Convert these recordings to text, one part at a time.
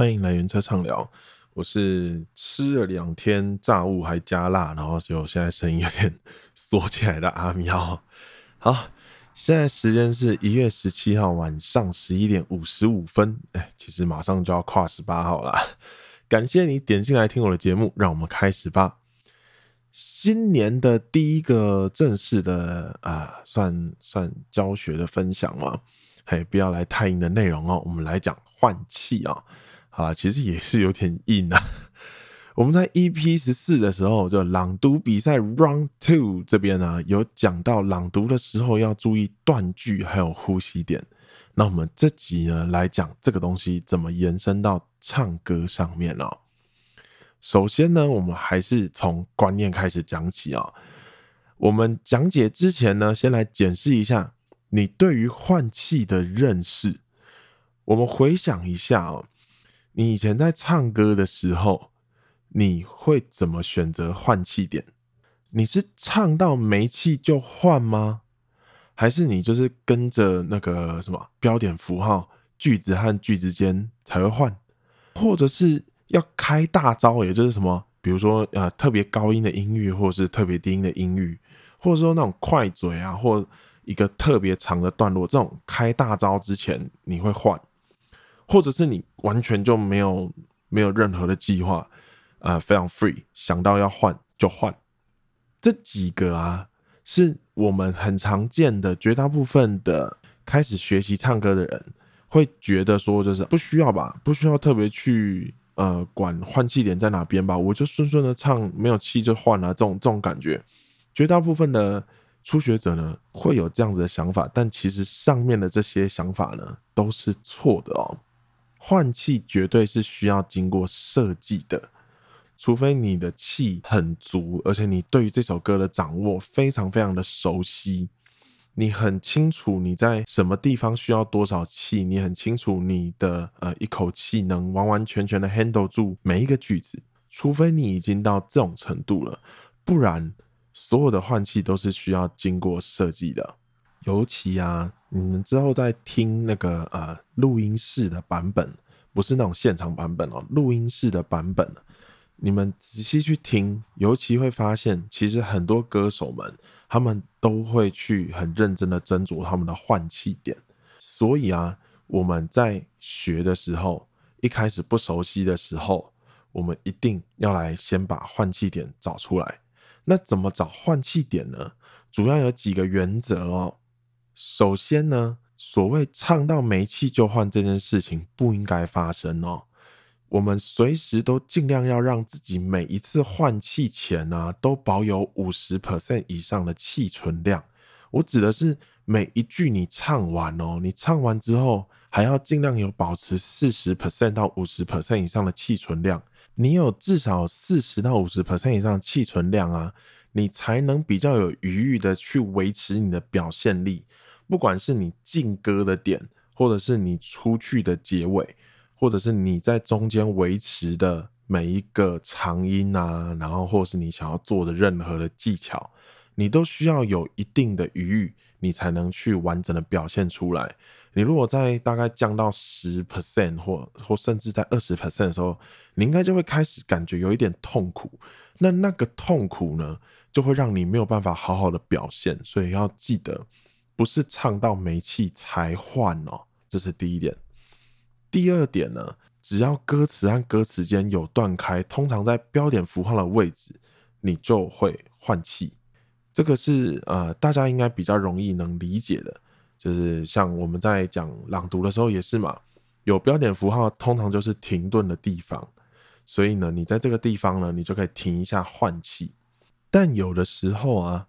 歡迎來緣側唱聊，我是吃了兩天炸物還加辣，然後就現在聲音有點縮起來的阿喵。好，現在時間是一月十七號晚上十一點五十五分，哎，其實馬上就要跨十八號了。感謝你點進來聽我的節目，讓我們開始吧。新年的第一個正式的啊，算算教學的分享啊。哎，不要來太硬的內容哦，我們來講換氣啊，哦。啊，其實也是有點硬啊。我們在 EP 十四的時候，就朗讀比賽 Round Two 這邊呢，有講到朗讀的時候要注意斷句，還有呼吸點。那我們這集呢，來講這個東西怎麼延伸到唱歌上面了哦。首先呢，我們還是從觀念開始講起啊哦。我們講解之前呢，先來檢視一下你對於換氣的認識。我們回想一下哦你以前在唱歌的時候，你會怎麼選擇換氣點？你是唱到沒氣就換嗎？還是你就是跟着那個什麼標點符號、句子和句子間才會換？或者是要開大招，也就是什麼，比如說呃特別高音的音域，或者是特別低音的音域，或者說那種快嘴啊，或一個特別長的段落，這種開大招之前你會換，或者是你？完全就沒有沒有任何的計劃，呃，非常 free，想到要換就換。這幾個啊，是我們很常見的，絕大部分的開始學習唱歌的人會覺得說，就是不需要吧，不需要特別去呃管換氣點在哪邊吧，我就順順的唱，沒有氣就換了啊，這種這種感覺，絕大部分的初學者呢會有這樣子的想法，但其實上面的這些想法呢都是錯的哦。換氣絕對是需要經過設計的，除非你的氣很足，而且你對於這首歌的掌握非常非常的熟悉，你很清楚你在什麼地方需要多少氣，你很清楚你的，呃，一口氣能完完全全的 handle 住每一個句子，除非你已經到這種程度了，不然所有的換氣都是需要經過設計的。尤其啊，你們之後再聽那個呃錄音室的版本，不是那種現場版本哦，錄音室的版本，你們仔細去聽，尤其會發現，其實很多歌手們他們都會去很認真的斟酌他們的換氣點。所以啊，我們在學的時候，一開始不熟悉的時候，我們一定要來先把換氣點找出來。那怎麼找換氣點呢？主要有幾個原則哦。首先呢，所謂唱到沒氣就換這件事情不應該發生哦。我們隨時都盡量要讓自己每一次換氣前呢、啊，都保有五十 percent 以上的氣存量。我指的是每一句你唱完哦，你唱完之後還要盡量有保持四十 percent 到五十 percent 以上的氣存量。你有至少四十到五十 percent 以上的氣存量啊，你才能比較有餘裕的去維持你的表現力。不管是你進歌的點，或者是你出去的結尾，或者是你在中間維持的每一個長音吶，啊，然後或者是你想要做的任何的技巧，你都需要有一定的餘裕，你才能去完整的表現出來。你如果在大概降到十 percent 或或甚至在二十 percent 的時候，你應該就會開始感覺有一點痛苦。那那個痛苦呢，就會讓你沒有辦法好好的表現。所以要記得。不是唱到沒氣才換哦，這是第一點。第二點呢，只要歌詞和歌詞間有斷開，通常在標點符號的位置，你就會換氣。這個是呃，大家應該比較容易能理解的，就是像我們在講朗讀的時候也是嘛，有標點符號通常就是停頓的地方，所以呢，你在這個地方呢，你就可以停一下換氣。但有的時候啊。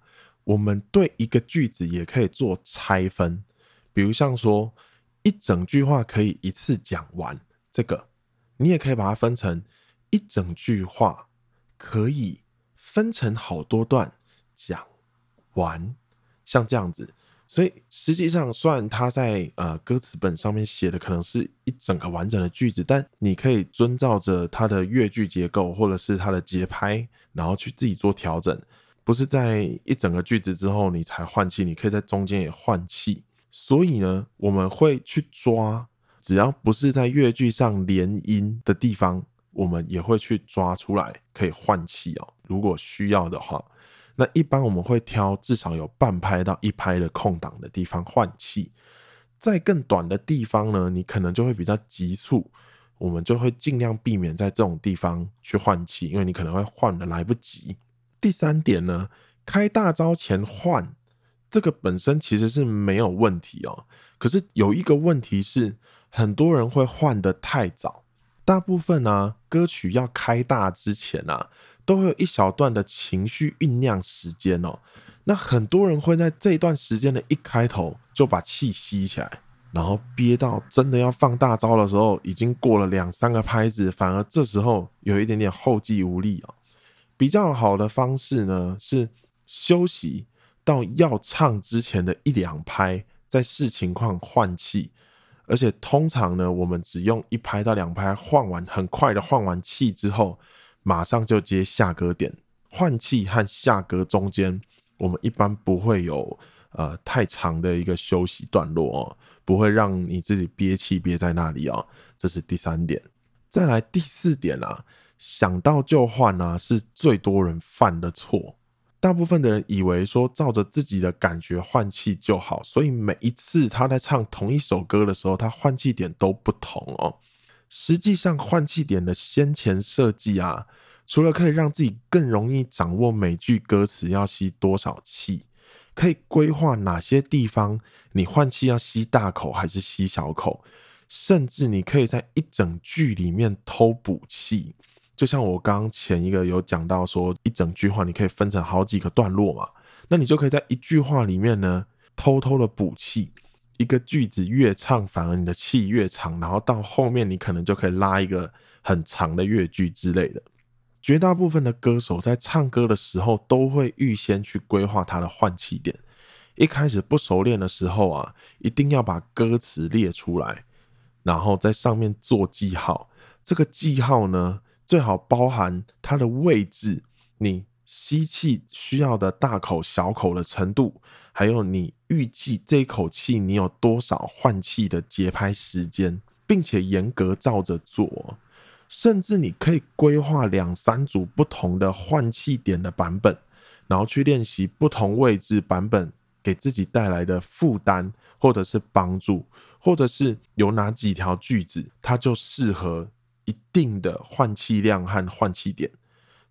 我們對一個句子也可以做拆分，比如像說一整句話可以一次講完，這個你也可以把它分成一整句話，可以分成好多段講完，像這樣子。所以實際上，雖然他在呃歌詞本上面寫的可能是一整個完整的句子，但你可以遵照着它的樂句結構或者是它的節拍，然後去自己做調整。不是在一整個句子之後你才換氣，你可以在中間也換氣。所以呢，我們會去抓，只要不是在樂句上連音的地方，我們也會去抓出來可以換氣哦。如果需要的話，那一般我們會挑至少有半拍到一拍的空檔的地方換氣。在更短的地方呢，你可能就會比較急促，我們就會盡量避免在這種地方去換氣，因為你可能會換得來不及。第三點呢，開大招前換，這個本身其實是沒有問題哦。可是有一個問題是，很多人會換得太早。大部分呢、啊，歌曲要開大之前啊，都會有一小段的情緒醞釀時間哦。那很多人會在這段時間的一開頭就把氣吸起來，然後憋到真的要放大招的時候，已經過了兩三個拍子，反而這時候有一點點後繼無力哦。比較好的方式呢，是休息到要唱之前的一兩拍，再視情況換氣，而且通常呢，我們只用一拍到兩拍換完，很快的換完氣之後，馬上就接下歌點。換氣和下歌中間，我們一般不會有呃太長的一個休息段落哦、喔，不會讓你自己憋氣憋在那裡哦、喔。這是第三點，再來第四點啊。想到就換啊，是最多人犯的錯。大部分的人以為說照着自己的感覺換氣就好，所以每一次他在唱同一首歌的時候，他換氣點都不同哦。實際上，換氣點的先前設計啊，除了可以讓自己更容易掌握每句歌詞要吸多少氣，可以規劃哪些地方你換氣要吸大口還是吸小口，甚至你可以在一整句裡面偷補氣。就像我剛剛前一個有講到說，一整句話你可以分成好幾個段落嘛，那你就可以在一句話裡面呢偷偷的補氣。一個句子越長，反而你的氣越長，然後到後面你可能就可以拉一個很長的樂句之類的。絕大部分的歌手在唱歌的時候都會預先去規劃他的換氣點。一開始不熟練的時候啊，一定要把歌詞列出來，然後在上面做記號。這個記號呢。最好包含它的位置，你吸氣需要的大口小口的程度，還有你預計這一口氣你有多少換氣的節拍時間，並且嚴格照着做。甚至你可以規劃兩三組不同的換氣點的版本，然後去練習不同位置版本給自己帶來的負擔，或者是幫助，或者是有哪幾條句子它就適合定的換氣量和換氣點，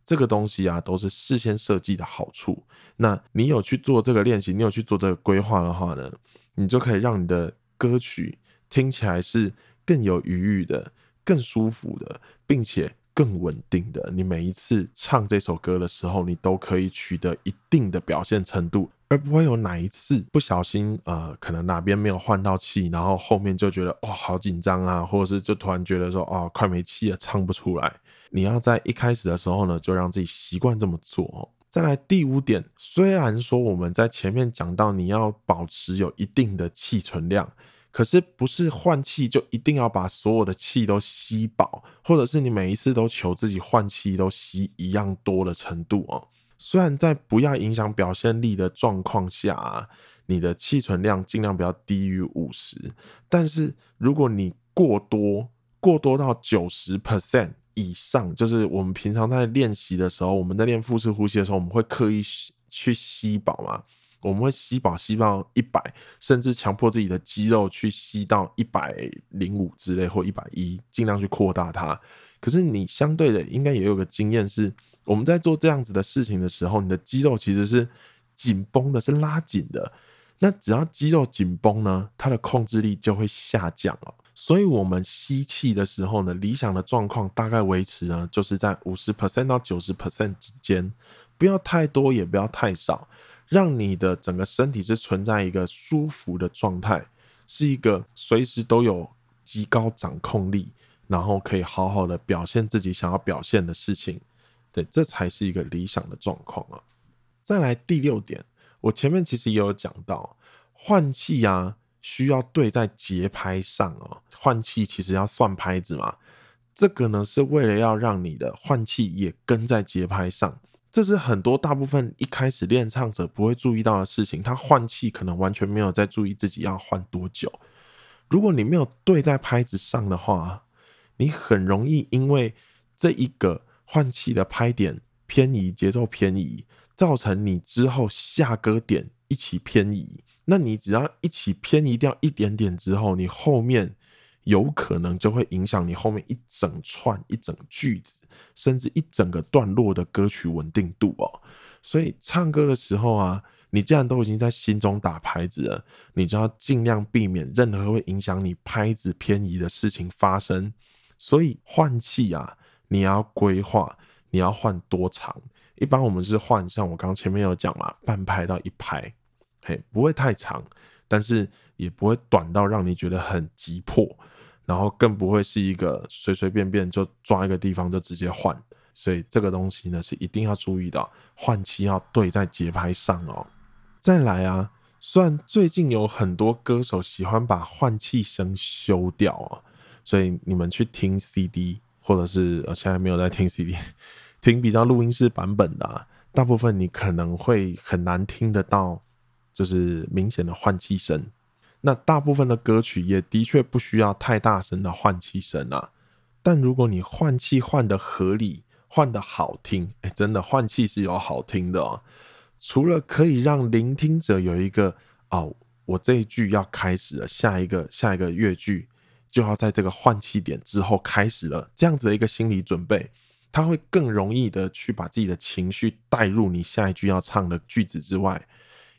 這個東西啊，都是事先設計的好處。那你有去做這個練習，你有去做這個規劃的話呢，你就可以讓你的歌曲聽起來是更有餘裕的、更舒服的，並且更穩定的。你每一次唱這首歌的時候，你都可以取得一定的表現程度。而不會有哪一次不小心，呃，可能哪邊沒有換到氣，然後後面就覺得哦，好緊張啊，或者是就突然覺得說哦，快沒氣了，唱不出來。你要在一開始的時候呢，就讓自己習慣這麼做哦。再來第五點，雖然說我們在前面講到你要保持有一定的氣存量，可是不是換氣就一定要把所有的氣都吸飽，或者是你每一次都求自己換氣都吸一樣多的程度哦。雖然在不要影響表現力的狀況下啊，你的氣存量盡量不要低於五十，但是如果你過多過多到九十 percent 以上，就是我們平常在練習的時候，我們在練腹式呼吸的時候，我們會刻意去吸飽嘛，我們會吸飽吸到一百，甚至強迫自己的肌肉去吸到一百零五之類或一百一，盡量去擴大它。可是你相對的應該也有個經驗是。我們在做這樣子的事情的時候，你的肌肉其實是緊繃的，是拉緊的。那只要肌肉緊繃呢，它的控制力就會下降了。所以，我們吸氣的時候呢，理想的狀況大概維持呢，就是在五十 percent 到九十 percent 之間，不要太多，也不要太少，讓你的整個身體是存在一個舒服的狀態，是一個隨時都有極高掌控力，然後可以好好的表現自己想要表現的事情。對，這才是一個理想的狀況啊！再來第六點，我前面其實也有講到換氣啊，需要對在節拍上哦、啊。換氣其實要算拍子嘛，這個呢是為了要讓你的換氣也跟在節拍上。這是很多大部分一開始練唱者不會注意到的事情，他換氣可能完全沒有在注意自己要換多久。如果你沒有對在拍子上的話，你很容易因為這一個。換氣的拍點偏移、節奏偏移，造成你之後下歌點一起偏移。那你只要一起偏移掉一點點之後，你後面有可能就會影響你後面一整串、一整句子，甚至一整個段落的歌曲穩定度哦。所以唱歌的時候啊，你既然都已經在心中打拍子了，你就要盡量避免任何會影響你拍子偏移的事情發生。所以換氣啊。你要規劃，你要換多長？一般我們是換，像我剛前面有講嘛，半拍到一拍，嘿，不會太長，但是也不會短到讓你覺得很急迫，然後更不會是一個隨隨便便就抓一個地方就直接換。所以這個東西呢，是一定要注意的，換氣要對在節拍上哦。再來啊，雖然最近有很多歌手喜歡把換氣聲修掉啊、哦，所以你們去聽 CD。或者是呃，現在沒有在聽 CD，聽比較錄音室版本的啊，大部分你可能會很難聽得到，就是明顯的換氣聲。那大部分的歌曲也的確不需要太大聲的換氣聲啊。但如果你換氣換得合理，換得好聽，欸，真的換氣是有好聽的哦。除了可以讓聆聽者有一個哦，我這一句要開始了，下一個下一個樂句，就要在這個換氣點之後開始了，這樣子的一個心理準備，它會更容易的去把自己的情緒帶入你下一句要唱的句子之外，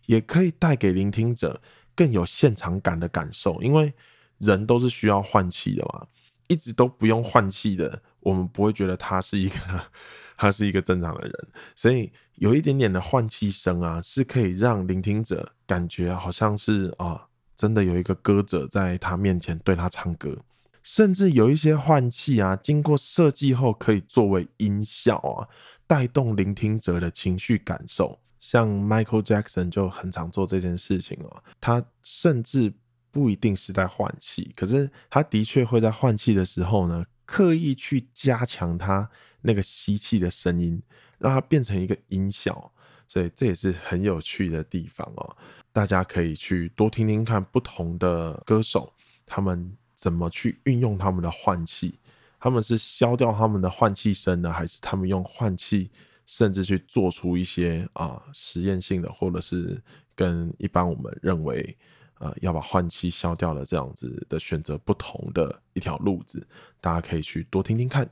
也可以帶給聆聽者更有現場感的感受。因為人都是需要換氣的嘛，一直都不用換氣的，我們不會覺得他是一個， 他是一個正常的人。所以有一點點的換氣聲啊，是可以讓聆聽者感覺好像是啊。呃真的有一個歌者在他面前對他唱歌，甚至有一些換氣啊，經過設計後可以作為音效啊，帶動聆聽者的情緒感受。像 Michael Jackson 就很常做這件事情哦、啊。他甚至不一定是在換氣，可是他的確會在換氣的時候呢，刻意去加強他那個吸氣的聲音，讓它變成一個音效。所以這也是很有趣的地方哦，大家可以去多聽聽看不同的歌手他們怎麼去運用他們的換氣，他們是消掉他們的換氣聲呢，還是他們用換氣甚至去做出一些啊實驗性的，或者是跟一般我們認為呃、啊、要把換氣消掉的這樣子的選擇不同的一條路子，大家可以去多聽聽看。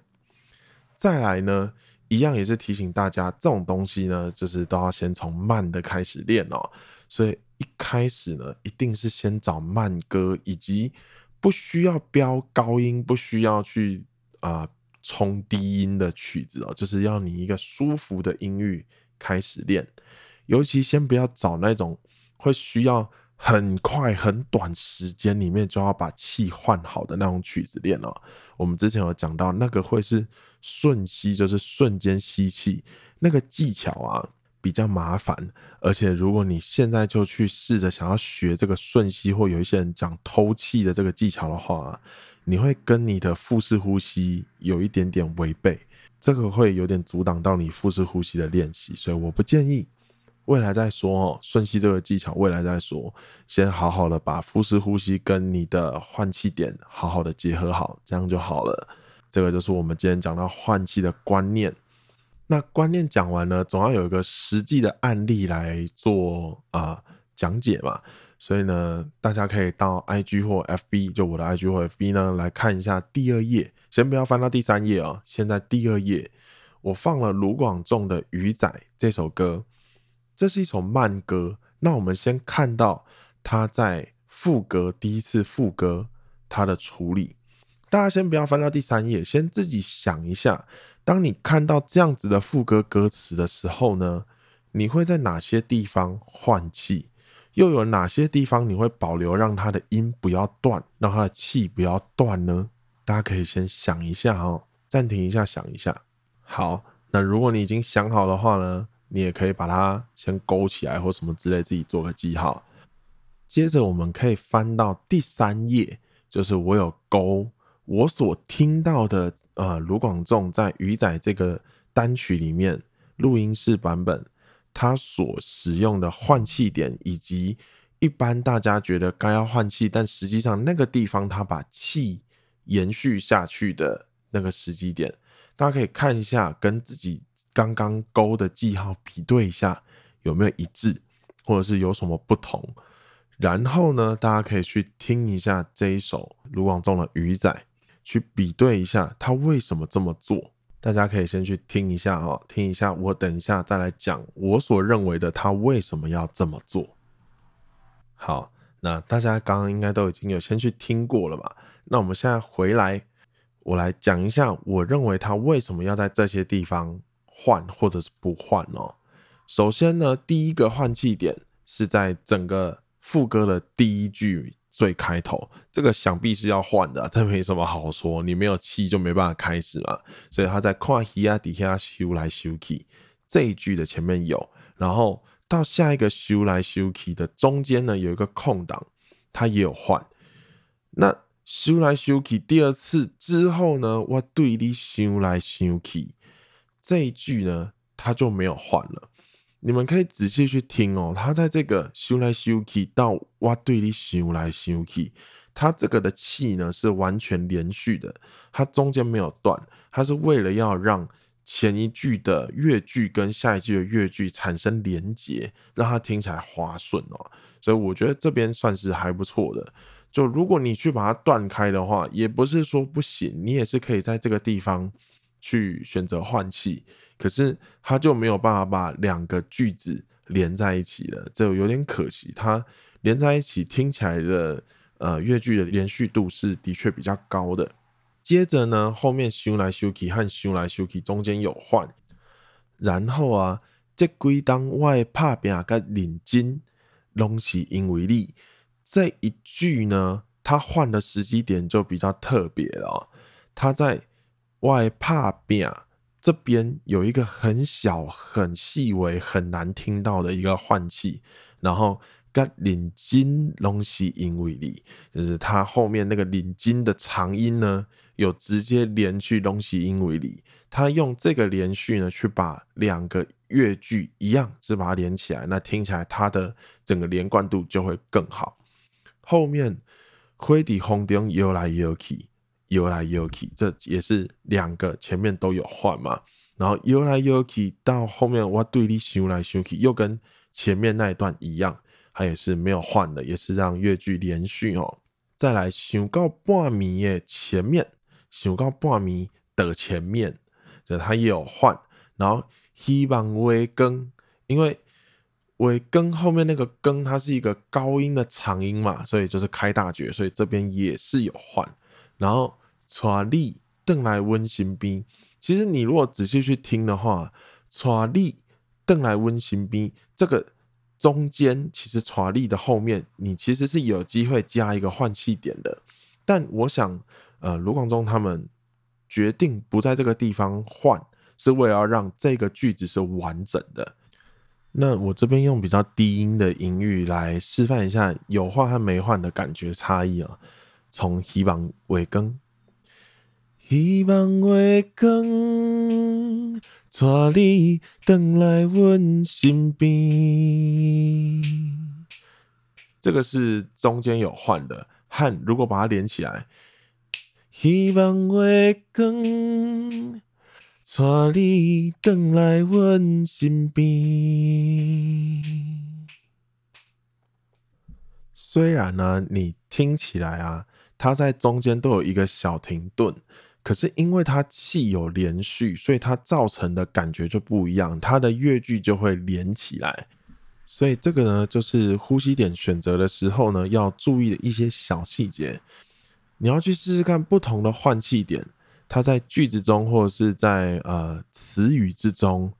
再來呢，一樣也是提醒大家，這種東西呢，就是都要先從慢的開始練哦。所以一開始呢，一定是先找慢歌，以及不需要飆高音，不需要去啊衝、呃、低音的曲子哦，就是要你一個舒服的音域開始練。尤其先不要找那種會需要很快、很短時間裡面就要把氣換好的那種曲子練了。我們之前有講到，那個會是瞬吸，就是瞬間吸氣，那個技巧啊比較麻煩。而且如果你現在就去試着想要學這個瞬吸，或有一些人講偷氣的這個技巧的話、啊，你會跟你的腹式呼吸有一點點違背，這個會有點阻擋到你腹式呼吸的練習，所以我不建議。未來再說哦，瞬吸這個技巧，未來再說。先好好的把腹式呼吸跟你的換氣點好好的結合好，這樣就好了。這個就是我們今天講到換氣的觀念。那觀念講完呢，總要有一個實際的案例來做啊、呃、講解嘛。所以呢，大家可以到 IG 或 FB，就我的 IG 或 FB 呢來看一下第二頁，先不要翻到第三頁哦。現在第二頁，我放了盧廣仲的《魚仔》這首歌。這是一首慢歌，那我們先看到它在副歌第一次副歌它的處理，大家先不要翻到第三頁，先自己想一下。當你看到這樣子的副歌歌詞的時候呢，你會在哪些地方換氣？又有哪些地方你會保留讓它的音不要斷，讓它的氣不要斷呢？大家可以先想一下哦，暫停一下想一下。好，那如果你已經想好的話呢，你也可以把它先勾起來，或什麼之類，自己做個記號。接着，我們可以翻到第三頁，就是我有勾我所聽到的，呃，盧廣仲在《魚仔》這個單曲裡面錄音室版本，他所使用的換氣點，以及一般大家覺得該要換氣，但實際上那個地方他把氣延續下去的那個時機點，大家可以看一下，跟自己。剛剛勾的記號比對一下有沒有一致，或者是有什麼不同。然後呢，大家可以去聽一下這一首盧廣仲的《魚仔》，去比對一下他為什麼這麼做。大家可以先去聽一下啊，聽一下。我等一下再來講我所認為的他為什麼要這麼做。好，那大家剛剛應該都已經有先去聽過了吧？那我們現在回來，我來講一下我認為他為什麼要在這些地方。換或者是不換哦。首先呢，第一個換氣點是在整個副歌的第一句最開頭，這個想必是要換的，這沒什麼好說。你沒有氣就沒辦法開始了。所以他在看魚「啊底下游來游去」這一句的前面有，然後到下一個「游來游去」的中間呢，有一個空檔，他也有換。那「游來游去」第二次之後呢，我對你「想來想去」。這一句呢，它就沒有換了。你們可以仔細去聽哦、喔，它在這個修來修去到我，對你修來修去，它這個的氣呢是完全連續的，它中間沒有斷，它是為了要讓前一句的樂句跟下一句的樂句產生連結，讓它聽起來滑順哦、喔。所以我覺得這邊算是還不錯的。就如果你去把它斷開的話，也不是說不行，你也是可以在這個地方。去選擇換氣，可是他就沒有辦法把兩個句子連在一起了，這有，有點可惜。他連在一起聽起來的呃樂句的連續度是的確比較高的。接着呢，後面泅來泅去和泅來泅去中間有換，然後啊，這規當外怕兵啊，噶認真，攏是因為你。這一句呢，他換的時機點就比較特別了，喔，他在。外帕邊這邊有一個很小、很細微、很難聽到的一個換氣，然後跟領金隆西因為你，就是它後面那個領金的長音呢，有直接連去隆西因為你，它用這個連續呢去把兩個樂句一樣，是把它連起來，那聽起來它的整個連貫度就會更好。後面灰底紅頂搖來搖去。游來游去，這也是兩個前面都有換嘛。然後游來游去到後面，我對你想來想去又跟前面那一段一樣，它也是沒有換的，也是讓樂句連續哦。再來想到半暝誒，前面想到半暝的前面，就它也有換。然後希望會更，因為會更後面那個更，它是一個高音的長音嘛，所以就是開大絕，所以這邊也是有換。然後。查理鄧來溫新兵，其實你如果仔細去聽的話，查理鄧來溫新兵這個中間，其實查理的後面，你其實是有機會加一個換氣點的。但我想，呃，盧廣仲他們決定不在這個地方換，是為了讓這個句子是完整的。那我這邊用比較低音的音域來示範一下有換和沒換的感覺差異啊。從希望尾根。希望月光帶你回來我身邊。這個是中間有換的，和如果把它連起來，希望月光帶你回來我身邊。雖然呢，你聽起來啊，它在中間都有一個小停頓。可是因為它氣有連續，所以它造成的感覺就不一樣，它的樂句就會連起來。所以這個呢，就是呼吸點選擇的時候呢，要注意的一些小細節。你要去試試看不同的換氣點，它在句子中或者是在呃詞語之中，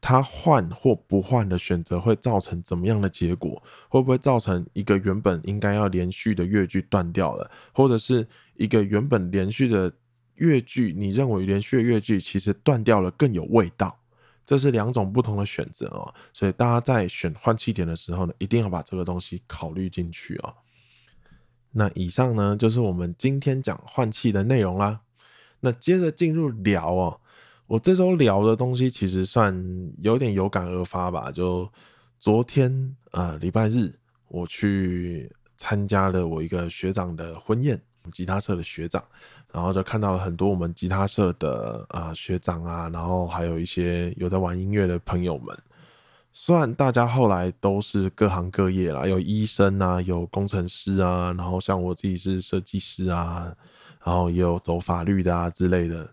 它換或不換的選擇會造成怎麼樣的結果？會不會造成一個原本應該要連續的樂句斷掉了，或者是一個原本連續的樂句，你認為連續的樂句其實斷掉了更有味道，這是兩種不同的選擇哦。所以大家在選換氣點的時候呢，一定要把這個東西考慮進去哦。那以上呢，就是我們今天講換氣的內容啦。那接着進入聊哦，我這周聊的東西其實算有點有感而發吧。就昨天呃禮拜日我去參加了我一個學長的婚宴。吉他社的學長，然後就看到了很多我們吉他社的啊、呃、學長啊，然後還有一些有在玩音樂的朋友們。雖然大家後來都是各行各業啦，有醫生啊，有工程師啊，然後像我自己是設計師啊，然後也有走法律的啊之類的。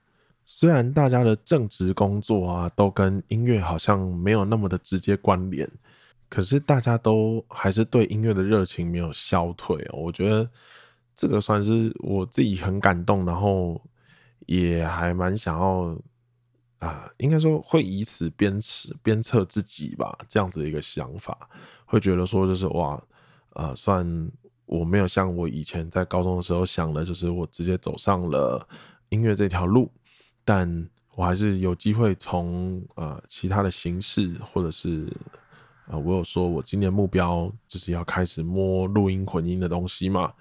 雖然大家的正職工作啊，都跟音樂好像沒有那麼的直接關聯，可是大家都還是對音樂的熱情沒有消退，我覺得。這個算是我自己很感動，然後也還蠻想要啊、呃，應該說會以此鞭笞、鞭策自己吧，這樣子的一個想法，會覺得說就是哇，呃，算我沒有像我以前在高中的時候想的，就是我直接走上了音樂這條路，但我還是有機會從啊、呃、其他的形式，或者是啊、呃，我有說我今年目標就是要開始摸錄音混音的東西嘛。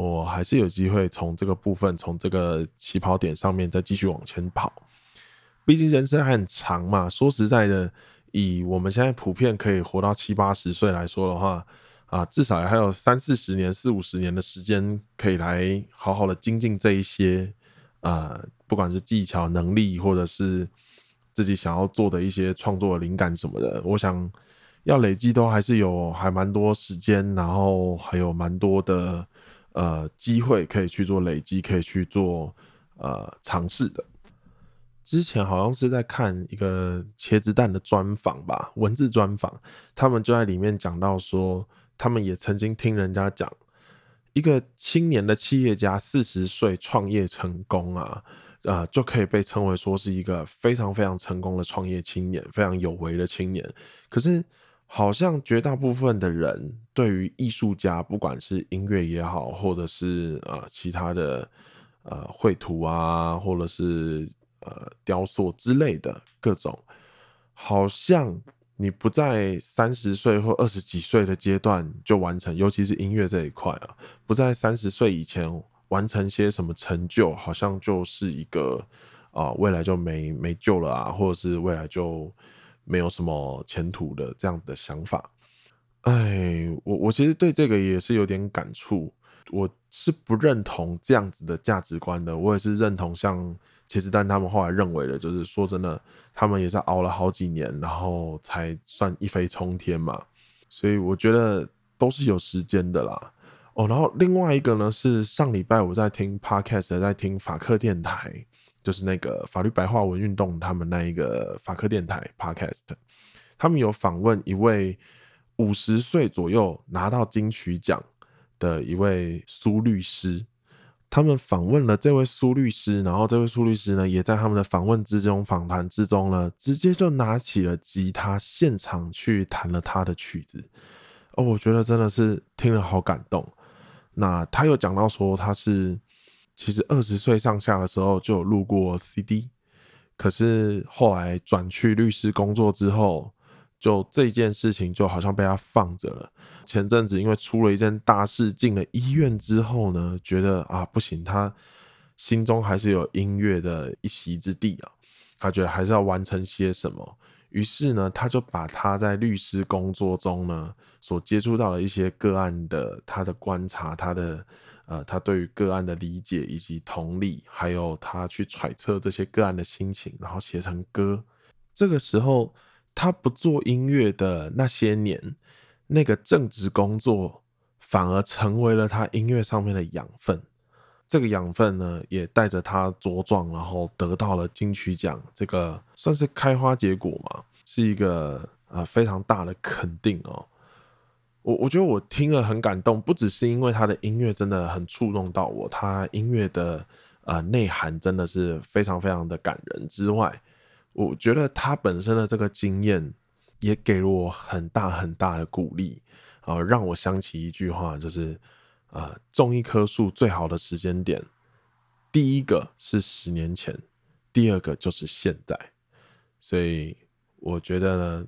我還是有機會從這個部分，從這個起跑點上面再繼續往前跑。畢竟人生還很長嘛，說實在的，以我們現在普遍可以活到七八十歲來說的話，啊、呃，至少還有三四十年、四五十年的時間可以來好好的精進這一些，呃，不管是技巧、能力，或者是自己想要做的一些創作靈感什麼的，我想要累積都還是有還蠻多時間，然後還有蠻多的。呃，機會可以去做累積，可以去做呃嘗試的。之前好像是在看一個茄子蛋的專訪吧，文字專訪，他們就在裡面講到說，他們也曾經聽人家講，一個青年的企業家四十歲創業成功啊，啊、呃、就可以被稱為說是一個非常非常成功的創業青年，非常有為的青年。可是。好像絕大部分的人對於藝術家，不管是音樂也好，或者是呃其他的呃繪圖啊，或者是呃雕塑之類的各種，好像你不在三十歲或二十幾歲的階段就完成，尤其是音樂這一塊啊，不在三十歲以前完成些什麼成就，好像就是一個啊，呃，未來就沒沒救了啊，或者是未來就。沒有什麼前途的這樣的想法，哎，我我其實對這個也是有點感觸，我是不認同這樣子的價值觀的。我也是認同像茄子蛋他們後來認為的，就是說真的，他們也是熬了好幾年，然後才算一飛衝天嘛。所以我覺得都是有時間的啦。哦，然後另外一個呢，是上禮拜我在聽 Podcast，在聽法客電台。就是那個法律白話文運動，他們那一個法科電台 podcast，他們有訪問一位五十歲左右拿到金曲獎的一位蘇律師，他們訪問了這位蘇律師，然後這位蘇律師呢，也在他們的訪問之中、訪談之中呢，直接就拿起了吉他，現場去彈了他的曲子。哦，我覺得真的是聽了好感動。那他又講到說他是。其實二十歲上下的時候就有錄過 CD，可是後來轉去律師工作之後，就這件事情就好像被他放着了。前陣子因為出了一件大事，進了醫院之後呢，覺得啊不行，他心中還是有音樂的一席之地啊，他覺得還是要完成些什麼。於是呢，他就把他在律師工作中呢所接觸到的一些個案的他的觀察，他的。呃，他對於個案的理解以及同理，還有他去揣測這些個案的心情，然後寫成歌。這個時候，他不做音樂的那些年，那個正職工作反而成為了他音樂上面的養分。這個養分呢，也帶着他茁壯，然後得到了金曲獎，這個算是開花結果嘛，是一個呃非常大的肯定哦。我我覺得我聽了很感動，不只是因為他的音樂真的很觸動到我，他音樂的呃內涵真的是非常非常的感人之外，我覺得他本身的這個經驗也給了我很大很大的鼓勵啊，呃，讓我想起一句話，就是啊、呃，種一棵樹最好的時間點，第一個是十年前，第二個就是現在，所以我覺得呢，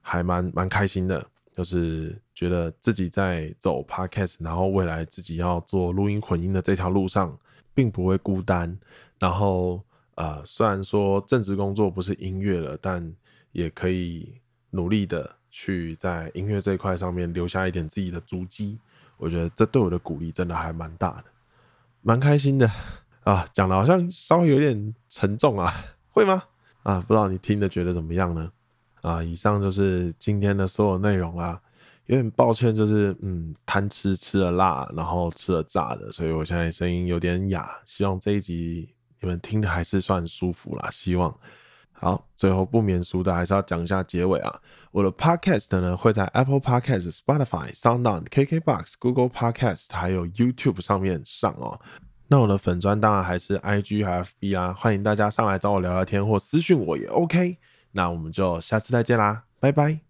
還蠻蠻開心的。就是覺得自己在走 podcast，然後未來自己要做錄音混音的這條路上，並不會孤單。然後呃，雖然說正職工作不是音樂了，但也可以努力的去在音樂這一塊上面留下一點自己的足跡。我覺得這對我的鼓勵真的還蠻大的，蠻開心的。啊，講的好像稍微有點沉重啊，會嗎？啊，不知道你聽的覺得怎麼樣呢？啊，以上就是今天的所有內容啦。有點抱歉，就是嗯，貪吃吃了辣，然後吃了炸的，所以我現在聲音有點啞。希望這一集你們聽的還是算舒服啦。希望好，最後不免俗的還是要講一下結尾啊。我的 Podcast 呢會在 Apple Podcast、Spotify、SoundOn、KKBox、Google Podcast 還有 YouTube 上面上哦。那我的粉專當然還是 IG 和 FB 啊，歡迎大家上來找我聊聊天或私訊我也 OK。那我們就下次再見啦，拜拜。